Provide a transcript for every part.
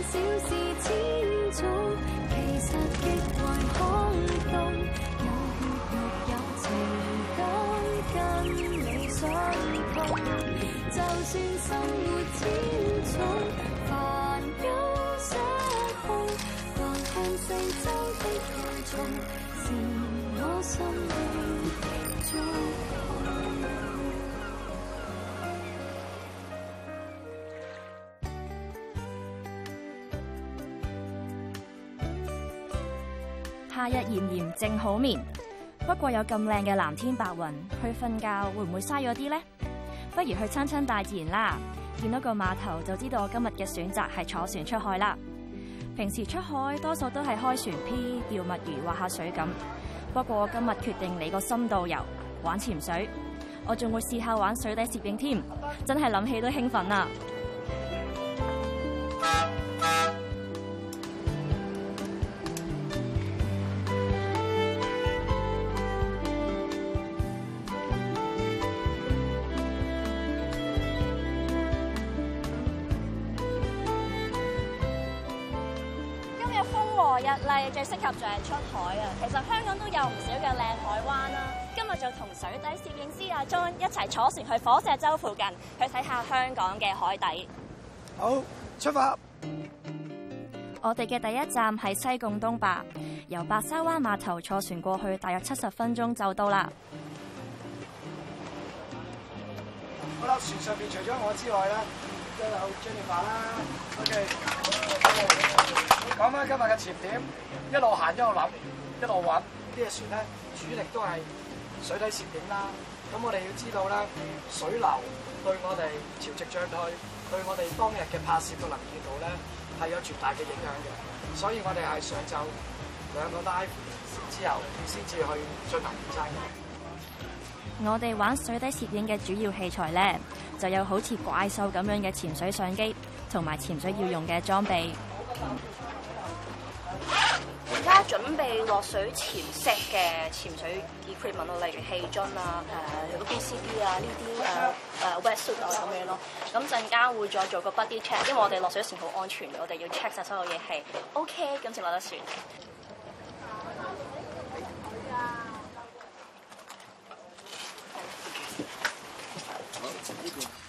小事千種，其實極為空洞。有血肉有情感，跟你相通。就算生活千種，煩憂失控。但看四周的繁重，是我心的痛。夏日炎炎，正好眠。不過有咁靚嘅藍天白雲，去瞓覺會唔會嘥咗啲呢？不如去親親大自然啦。見到個碼頭，就知道我今日嘅選擇係坐船出海啦。平時出海多數都係開船 P 釣墨魚、劃下水咁。不過今日決定嚟個深度遊，玩潛水，我仲會試下玩水底攝影添。真係諗起都興奮啊！水底攝影師阿 John 一齊坐船去火石洲附近，去睇下香港嘅海底。好，出發！我哋嘅第一站喺西貢東壩，由白沙灣碼頭坐船過去，大約七十分鐘就到啦。好啦，船上邊除咗我之外咧，都有 Jennifer 啦、OK，OK，講返，今日嘅潛點，一路行一路諗，一路揾呢隻船咧，主力都係。水底攝影啦，咁我哋要知道咧，水流對我哋潮汐漲退，對我哋當日嘅拍攝嘅能見度咧，係有絕大嘅影響嘅。所以我哋係上晝兩個 dive 之後先至去進行午餐嘅。我哋玩水底攝影嘅主要器材咧，就有好似怪獸咁樣嘅潛水相機，同埋潛水要用嘅裝備。而家準備落水潛息嘅潛水 equipment 咯，例如氣樽啊、誒 B C D 啊呢啲誒誒 wetsuit 咁樣咯。咁陣間會再做個 body check，因為我哋落水前好安全嘅，我哋要 check 曬所有嘢係 O K，咁先落得船。嗯嗯嗯嗯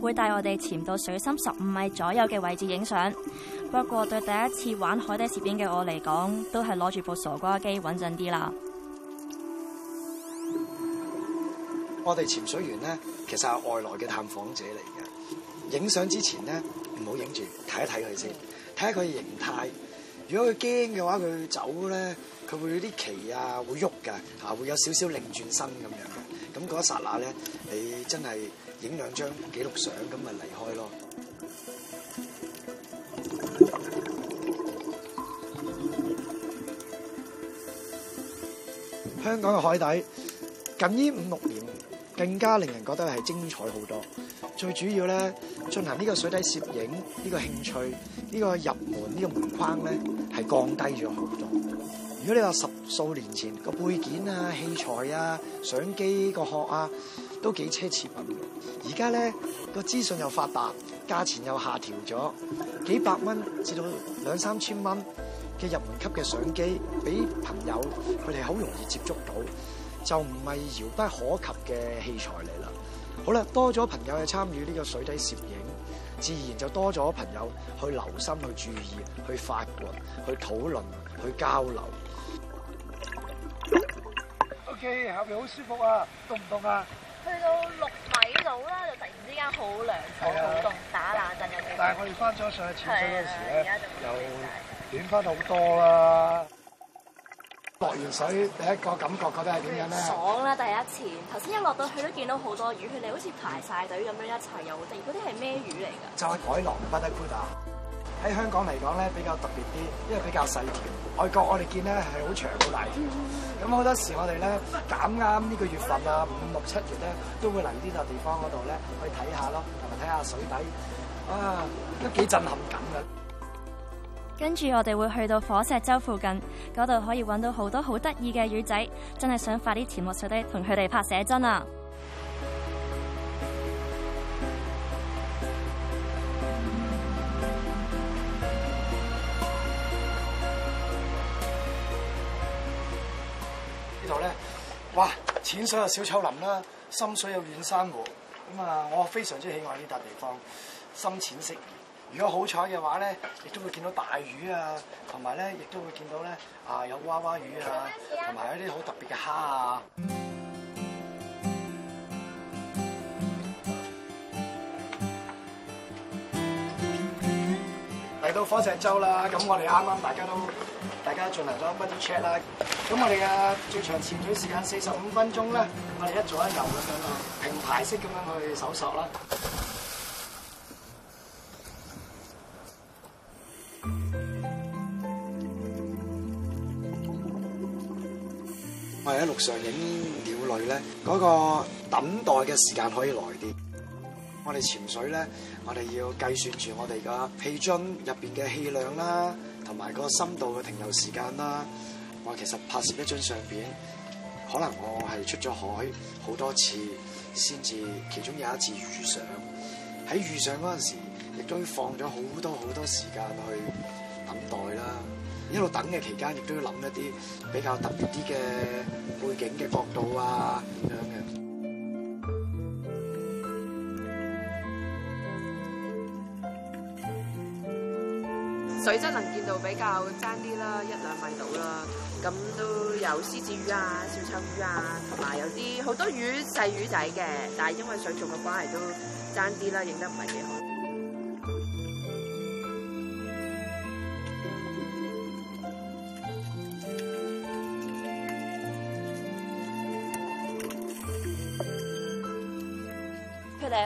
會帶我哋潛到水深十五米左右嘅位置影相，不過對第一次玩海底攝影嘅我嚟講，都係攞住部傻瓜機穩陣啲啦。我哋潛水員咧，其實係外來嘅探訪者嚟嘅，影相之前咧，唔好影住，睇一睇佢先，睇下佢嘅形態。如果佢驚嘅話，佢走咧，佢會有啲鰭啊會喐噶，吓、啊、會有少少擰轉身咁樣。咁嗰一剎那咧，你真係影兩張記錄相，咁咪離開咯。香港嘅海底近呢五六年，更加令人覺得係精彩好多。最主要咧，進行呢個水底攝影呢個興趣呢個入門呢個門框咧，係降低咗好多。如果你話十，數年前個配件啊、器材啊、相機個殼啊，都幾奢侈嘅。而家呢個資訊又發達，價錢又下調咗，幾百蚊至到兩三千蚊嘅入門級嘅相機，俾朋友佢哋好容易接觸到，就唔係遙不可及嘅器材嚟啦。好啦，多咗朋友去參與呢個水底攝影，自然就多咗朋友去留心、去注意、去發掘、去討論、去交流。機後面好舒服啊，凍唔凍啊？去到六米度啦，就突然之間好涼爽，好凍，打冷震啲，但係我哋翻咗上去潛水嗰時咧，又暖翻好多啦。落完水第一個感覺覺得係點樣咧？爽啦，第一次。頭先一落到去都見到好多魚，佢哋好似排晒隊咁樣一齊入嚟，嗰啲係咩魚嚟㗎？就係海狼，不得攰打。喺香港嚟講咧比較特別啲，因為比較細條。外國我哋見咧係好長好大條。咁好多時我哋咧揀啱呢個月份啊，五六七月咧都會嚟呢度地方嗰度咧去睇下咯，同埋睇下水底，啊都幾震撼感㗎。跟住我哋會去到火石洲附近嗰度，嗰度可以揾到好多好得意嘅魚仔，真係想快啲潛落水底同佢哋拍寫真啊！哇！淺水有小丑林啦，深水有軟珊瑚。咁啊，我非常之喜愛呢笪地方。深淺色，如果好彩嘅話咧，亦都會見到大魚啊，同埋咧亦都會見到咧啊有娃娃魚啊，同埋一啲好特別嘅蝦啊。嚟 到火石洲啦，咁我哋啱啱大家都～大家進行咗 buddy check 啦，咁我哋嘅最長潛水時間四十五分鐘咧，我哋一左一右咁樣啊，平排式咁樣去搜索啦。我哋喺路上影鳥類咧，嗰個等待嘅時間可以耐啲。我哋潛水咧，我哋要計算住我哋嘅氣樽入邊嘅氣量啦。同埋個深度嘅停留時間啦，我其實拍攝一張相片，可能我係出咗海好多次，先至其中有一次遇上。喺遇上嗰陣時，亦都要放咗好多好多時間去等待啦。一路等嘅期間，亦都要諗一啲比較特別啲嘅背景嘅角度啊，咁樣嘅。水質能見度比較爭啲啦，一兩米到啦。咁都有獅子魚啊、小丑魚啊，同埋有啲好多魚細魚仔嘅，但係因為水族嘅關係都爭啲啦，影得唔係幾好。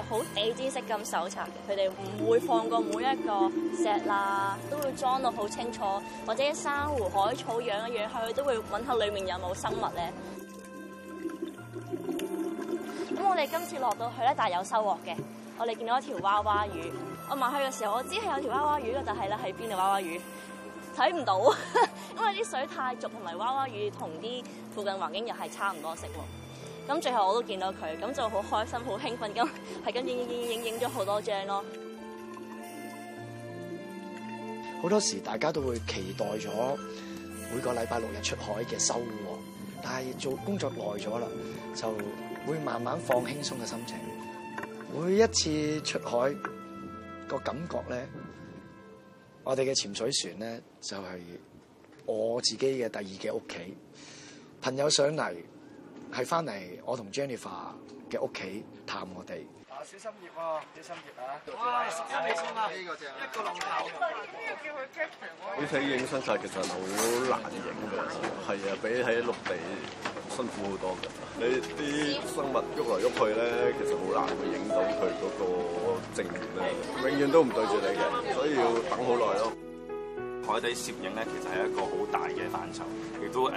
好地氈式咁搜查嘅，佢哋唔會放過每一個石啦，都會裝到好清楚，或者啲珊瑚、海草樣樣去，都會搵下裏面有冇生物咧。咁我哋今次落到去咧，大有收穫嘅。我哋見到一條娃娃魚。我埋去嘅時候，我知係有條娃娃魚嘅，但係咧喺邊度？娃娃魚？睇唔到，因為啲水太濁，同埋娃娃魚同啲附近環境又係差唔多色。咁最後我都見到佢，咁就好開心、好興奮，咁係咁影影影影影咗好多張咯。好多時大家都會期待咗每個禮拜六日出海嘅收穫，但係做工作耐咗啦，就會慢慢放輕鬆嘅心情。每一次出海個感覺咧，我哋嘅潛水船咧就係我自己嘅第二嘅屋企，朋友上嚟。係翻嚟，我同 Jennifer 嘅屋企探我哋。小心葉啊！小心葉啊！哇，十幾公分啊！呢個只一個龍頭。你睇影身曬，這個、Captain，其實好難影嘅。係啊，比起喺陸地辛苦好多嘅。你啲生物喐嚟喐去咧，其實好難會影到佢嗰個正面。永遠都唔對住你嘅，所以要等好耐咯。海底攝影咧，其實係一個好大嘅範疇，亦都、呃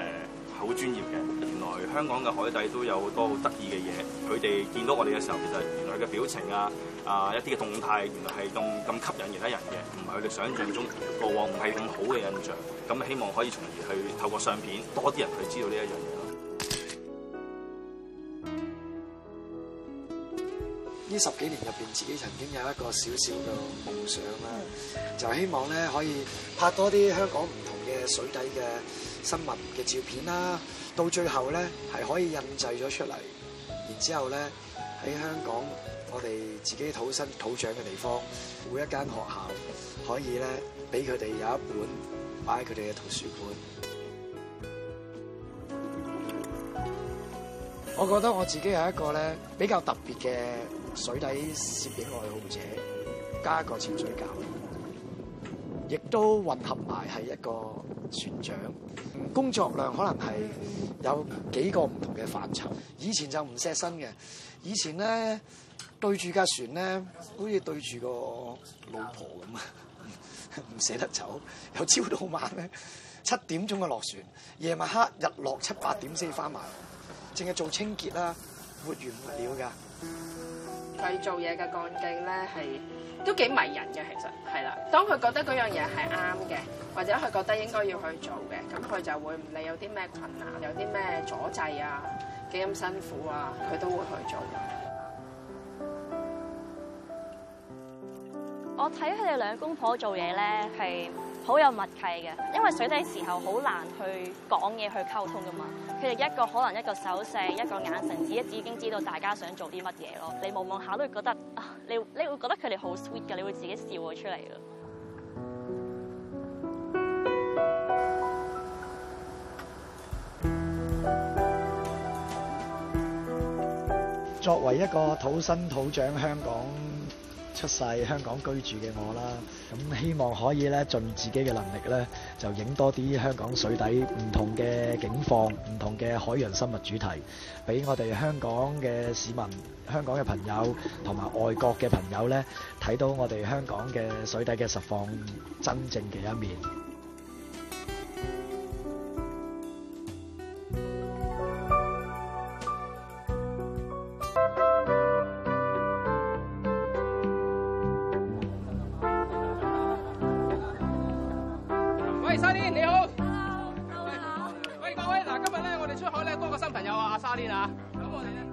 好專業嘅，原來香港嘅海底都有好多好得意嘅嘢。佢哋見到我哋嘅時候，其實原來嘅表情啊，啊一啲嘅動態，原來係咁咁吸引其他人嘅，唔係佢哋想象中往往唔係咁好嘅印象。咁希望可以從而去透過相片多啲人去知道呢一樣嘢咯。呢十幾年入邊，自己曾經有一個小小嘅夢想啦，就係希望咧可以拍多啲香港唔同嘅水底嘅。新聞嘅照片啦，到最後咧係可以印製咗出嚟，然之後咧喺香港，我哋自己土生土長嘅地方，每一間學校可以咧俾佢哋有一本擺喺佢哋嘅圖書館。我覺得我自己係一個咧比較特別嘅水底攝影愛好者，加一個潛水教育，亦都混合埋係一個船長。工作量可能係有幾個唔同嘅範疇，以前就唔錫身嘅。以前咧對住架船咧，好似對住個老婆咁啊，唔捨得走。由朝到晚咧，七點鐘嘅落船，夜晚黑日落七八點先返埋，淨係做清潔啦，活完活了㗎。佢做嘢嘅幹勁咧係。都幾迷人嘅，其實係啦。當佢覺得嗰樣嘢係啱嘅，或者佢覺得應該要去做嘅，咁佢就會唔理有啲咩困難，有啲咩阻滯啊，幾咁辛苦啊，佢都會去做。我睇佢哋兩公婆做嘢咧，係好有默契嘅，因為水底時候好難去講嘢去溝通㗎嘛。佢哋一個可能一個手勢，一個眼神，只一指已經知道大家想做啲乜嘢咯。你望望下都會覺得啊，你你會覺得佢哋好 sweet 㗎，你會自己笑咗出嚟咯。作為一個土生土長香港，出世香港居住嘅我啦，咁希望可以咧盡自己嘅能力咧，就影多啲香港水底唔同嘅景況、唔同嘅海洋生物主題，俾我哋香港嘅市民、香港嘅朋友同埋外國嘅朋友咧，睇到我哋香港嘅水底嘅實況真正嘅一面。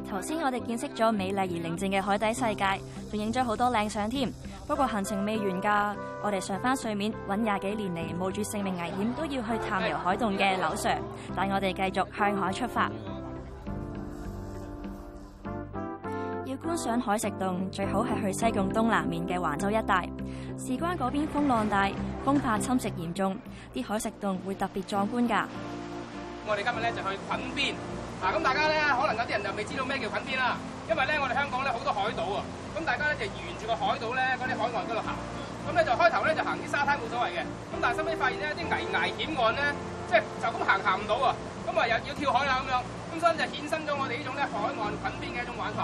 頭先我哋見識咗美麗而寧靜嘅海底世界，仲影咗好多靚相添。不過行程未完噶，我哋上翻水面，搵廿幾年嚟冒住性命危險都要去探遊海洞嘅劉 Sir，帶我哋繼續向海出發。 要觀賞海蝕洞，最好係去西貢東南面嘅環洲一帶。事關嗰邊風浪大，風化侵蝕嚴重，啲海蝕洞會特別壯觀噶。我哋今日咧就去裙邊。嗱，咁大家咧，可能有啲人就未知道咩叫滾邊啦，因為咧，我哋香港咧好多海島啊，咁大家咧就沿住個海島咧嗰啲海岸嗰度行，咁咧就開頭咧就行啲沙灘冇所謂嘅，咁但係收尾發現咧啲危危險岸咧，即係就咁行行唔到喎，咁啊又要跳海啦咁樣，咁所以咧就衍生咗我哋呢種咧海岸滾邊嘅一種玩法。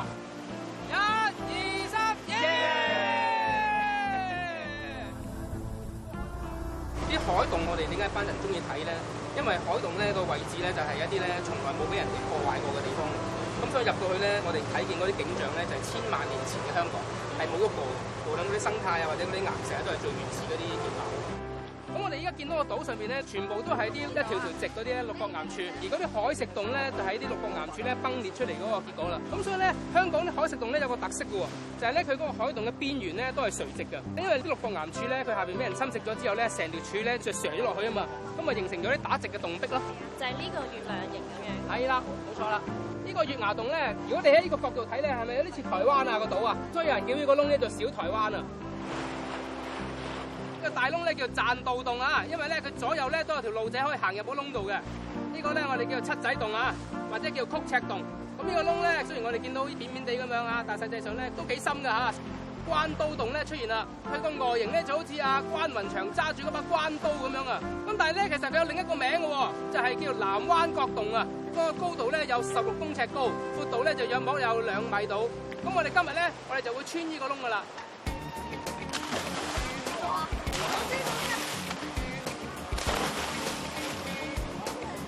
一、二、三、耶！啲海洞我哋點解班人中意睇咧？因為海洞咧個位置咧就係一啲咧從來冇俾人哋破壞過嘅地方，咁所以入到去咧，我哋睇見嗰啲景象咧就係千萬年前嘅香港，係冇喐過，無論嗰啲生態啊或者嗰啲岩石，成日都係最原始嗰啲面貌。我哋而家見到個島上邊咧，全部都係啲一,一條條直嗰啲六角岩柱，而嗰啲海蝕洞咧就喺啲六角岩柱咧崩裂出嚟嗰個結果啦。咁所以咧，香港啲海蝕洞咧有個特色嘅喎，就係咧佢嗰個海洞嘅邊緣咧都係垂直嘅，因為啲六角岩柱咧佢下邊俾人侵蝕咗之後咧，成條柱咧就削咗落去啊嘛，咁啊形成咗啲打直嘅洞壁咯。就係、係、呢個月亮形咁樣。係啦，冇錯啦，呢、呢個月牙洞咧，如果你喺呢個角度睇咧，係咪有啲似台灣啊、嗰個島啊？所以有人叫呢個窿咧做小台灣啊。大窿咧叫棧道洞啊，因為咧佢左右咧都有條路仔可以行入嗰窿度嘅。這個、呢個咧我哋叫做七仔洞啊，或者叫曲尺洞。咁呢個窿咧，雖然我哋見到啲似扁扁地咁樣啊，但係實際上咧都幾深噶吓、啊。關刀洞咧出現啦，佢個外形咧就好似啊關雲長揸住嗰把關刀咁樣啊。咁但係咧，其實佢有另一個名嘅，哦，就係、是、叫南灣角洞啊。嗰個高度咧有十六公尺高，闊度咧就約莫有兩米到。咁我哋今日咧，我哋就會穿呢個窿噶啦。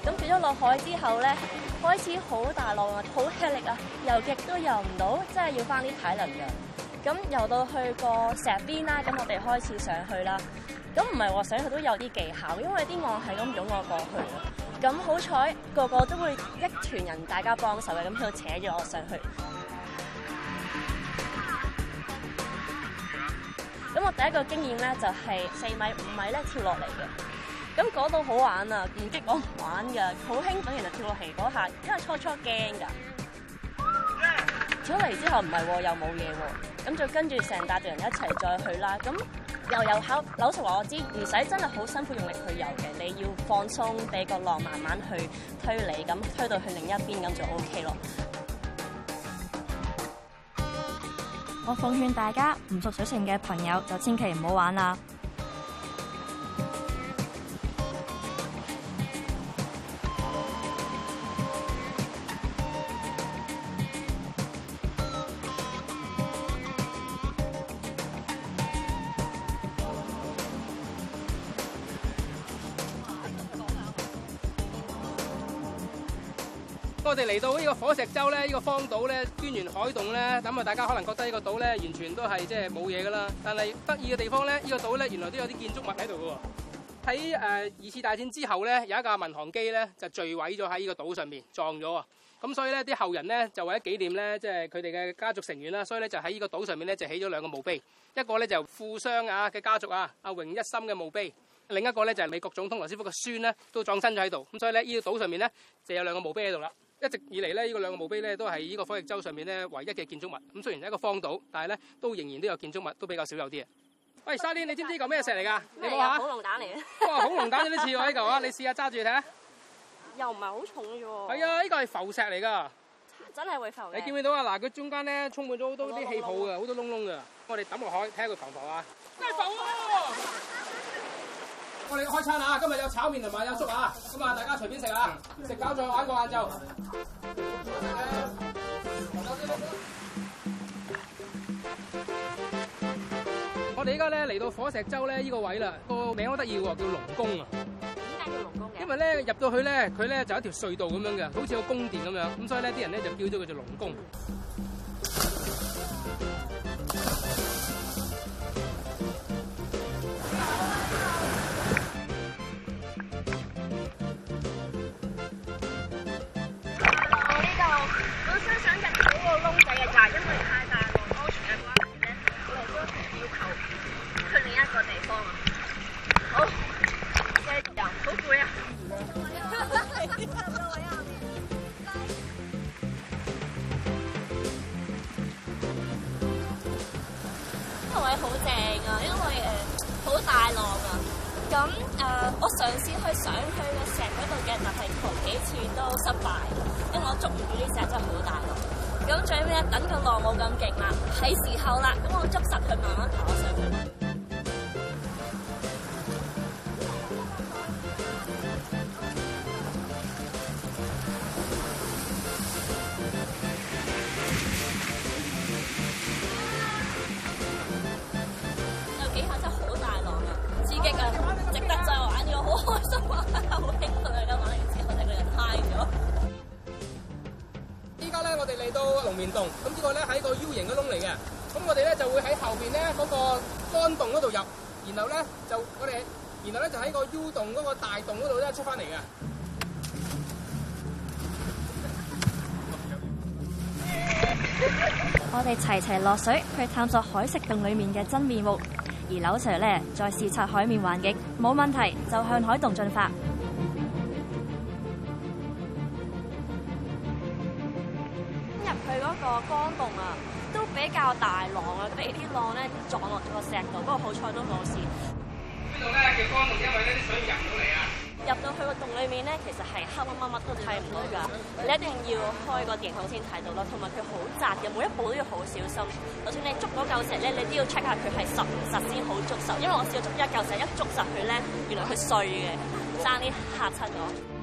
咁跌咗落海之後咧，開始好大浪啊，好吃力啊，游極都游唔到，真係要翻啲體能嘅。咁游到去個石邊啦，咁我哋開始上去啦。咁唔係話上去都有啲技巧，因為啲浪係咁湧我過去啊。咁好彩，個個都會一團人大家幫手嘅，咁喺度扯住我上去。咁我第一個經驗咧就係、是、四米五米咧跳落嚟嘅，咁嗰度好玩啊，唔激我唔玩㗎，好興奮。其實跳落嚟嗰下那一刻，因為初初驚㗎，yeah. 跳落嚟之後唔係喎，又冇嘢喎。咁就跟住成大隊人一齊再去啦。咁遊遊考柳實話我知道，唔使真係好辛苦用力去遊嘅，你要放鬆，俾個浪慢慢去推你，咁推到去另一邊咁就 O K 咯。我奉勸大家，唔熟水性嘅朋友就千祈唔好玩啦。我哋嚟到呢個火石洲咧，呢個荒島咧，端完海洞咧，咁啊，大家可能覺得呢個島咧完全都係即係冇嘢噶啦。但係得意嘅地方咧，呢個島咧原來都有啲建築物喺度嘅喎。喺誒二次大戰之後咧，有一架民航機咧就墜毀咗喺呢個島上面撞咗，咁所以咧啲後人咧就為咗紀念咧，即係佢哋嘅家族成員啦，所以咧就喺呢個島上面咧就起咗兩個墓碑，一個咧就富商啊嘅家族啊阿榮一心嘅墓碑，另一個咧就係美國總統羅斯福嘅孫咧都葬身咗喺度，咁所以咧呢個島上面咧就有兩個墓碑喺度啦。一直以嚟咧，呢個兩個墓碑咧都係呢個火翼洲上面咧唯一嘅建築物。咁雖然係一個荒島，但係咧都仍然都有建築物，都比較少有啲嘅。喂，沙蓮，你知唔知呢嚿咩石嚟噶？呢個恐龍蛋嚟嘅。哇！恐龍蛋有啲似喎呢嚿啊！你試下揸住睇下。又唔係好重啫喎。係啊，呢、這個係浮石嚟㗎。真係會浮。你見唔見到啊？嗱，佢中間咧充滿咗好多啲氣泡嘅，好多窿窿嘅。我哋抌落海睇下佢浮唔浮啊。真係啊！嗯嗯嗯嗯我哋開餐啦！今日有炒麵同埋有粥啊！咁啊，大家隨便食啦，食飽再玩個晏晝。 我哋而家咧嚟到火石洲咧呢個位啦，個名好得意喎，叫龍宮啊！點解叫龍宮嘅？因為咧入到去咧，佢咧就一條隧道咁樣嘅，好似個宮殿咁樣，咁所以咧啲人咧就叫咗佢做龍宮。勁啦，係時候啦，咁我捉實佢慢慢爬上去。上。嚟到龍面洞，咁、這、呢個咧係個 U 型嘅窿嚟嘅。咁我哋咧就會喺後邊咧嗰個乾洞嗰度入，然後咧就我哋，然後咧就喺個 U 洞嗰個大洞嗰度咧出翻嚟嘅。我哋齊齊落水去探索海蝕洞裏面嘅真面目，而劉 Sir 咧在視察海面環境，冇問題就向海洞進發。比較大浪啊！咁畀啲浪咧撞落咗個石度，不過好彩都冇事。這呢度咧嘅江洞，因為咧啲水入到嚟啊，入到去個洞裏面咧，其實係黑乜乜乜都睇唔到噶。你一定要開個電筒先睇到咯，同埋佢好窄嘅，每一步都要好小心。就算你捉嗰嚿石咧，你都要 check 下佢係實唔實先好捉實。因為我試過捉一嚿石，一捉實佢咧，原來佢碎嘅，爭啲嚇親咗。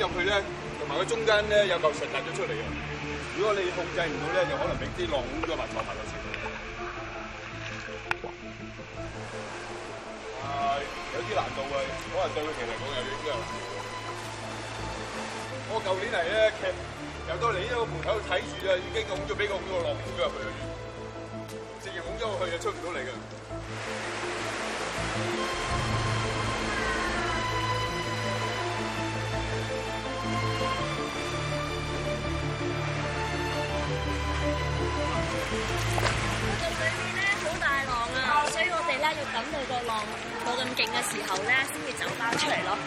入去咧，同埋佢中間咧有嚿石凸咗出嚟嘅。如果你控制唔到咧，就可能俾啲浪湧嘅物撞埋落去。啊，有啲難度嘅，可能對佢其實講有影嘅。我舊年嚟咧，由得你喺個門口睇住啊，已經拱咗俾個浪湧嘅入去啊，直接拱咗去就出唔到嚟嘅。要等到個浪冇咁勁嘅時候咧，先至走翻出嚟咯。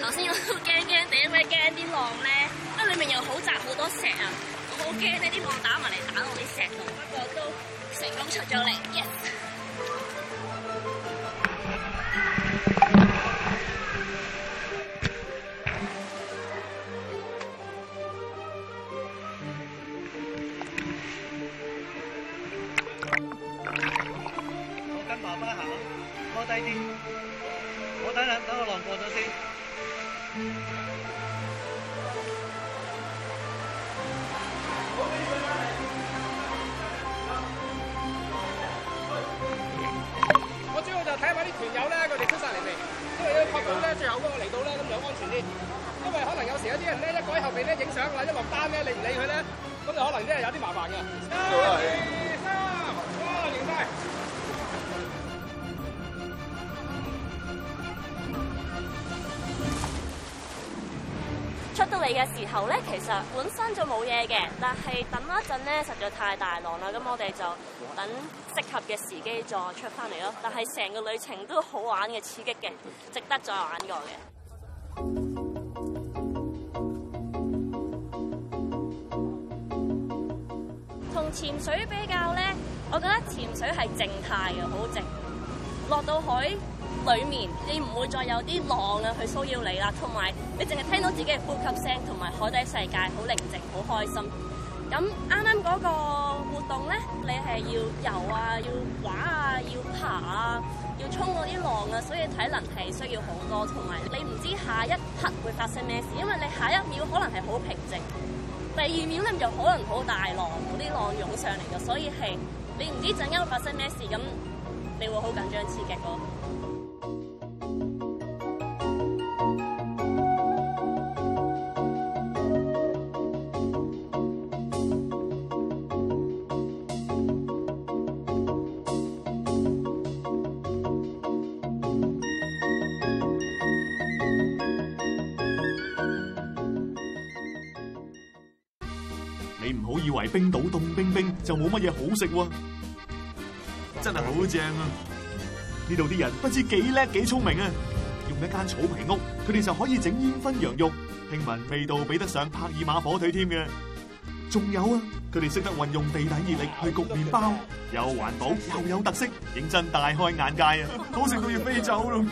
頭先我都驚驚哋，因為驚啲浪咧，因為裏面又好窄，好多石啊，我好驚呢啲浪打埋嚟打到啲石度。不過都成功出咗嚟，yes。低啲，我等下等我浪過咗先。我主要就睇下啲團友咧，佢哋出晒嚟未？因為要確保咧，最後嗰個嚟到咧，咁就安全啲。因為可能有時有啲人咧，一過喺後邊咧影相，或者落單咧，你唔理佢咧，咁就可能真係有啲麻煩噶。嘅時候咧，其實本身就冇嘢嘅，但係等一陣咧，實在太大浪啦，咁我哋就等適合嘅時機再出翻嚟咯。但係成個旅程都好玩嘅、刺激嘅，值得再玩過嘅。同 潛水比較咧，我覺得潛水係靜態嘅，好靜。落到海裏面你唔會再有啲浪啊，去騷擾你啦，同埋你淨係聽到自己嘅呼吸聲，同埋海底世界好寧靜，好開心。咁啱啱嗰個活動咧，你係要游啊，要玩啊，要爬啊，要衝嗰啲浪啊，所以體能係需要好多，同埋你唔知下一刻會發生咩事，因為你下一秒可能係好平靜，第二秒咧就可能好大浪，嗰啲浪湧上嚟嘅，所以係你唔知陣間會發生咩事，咁你會好緊張刺激咯。喺冰島凍冰冰就冇乜嘢好食喎，啊，真係好正啊！呢度啲人不知幾叻幾聰明啊！用一間草皮屋，佢哋就可以整煙燻羊肉，聽聞味道比得上帕爾馬火腿添嘅。仲有啊，佢哋識得運用地底熱力去焗麵包，又環保又有特色，認真大開眼界啊！好食到要飛走咯！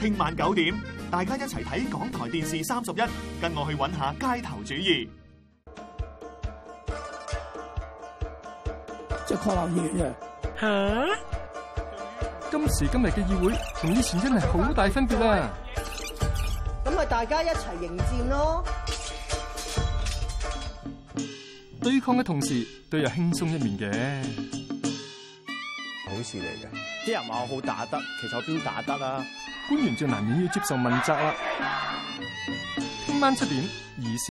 聽 晚九點，大家一齊睇港台電視三十一，跟我去搵下街頭主義。嘅抗衡議員嘅吓，今時今日嘅議會同以前真係好大分別啦。咁咪大家一齊迎戰咯，對抗嘅同時都有輕鬆一面嘅，好事嚟嘅。啲人話我好打得，其實我邊打得啊？官員最難免要接受問責啦。今晚七點，二。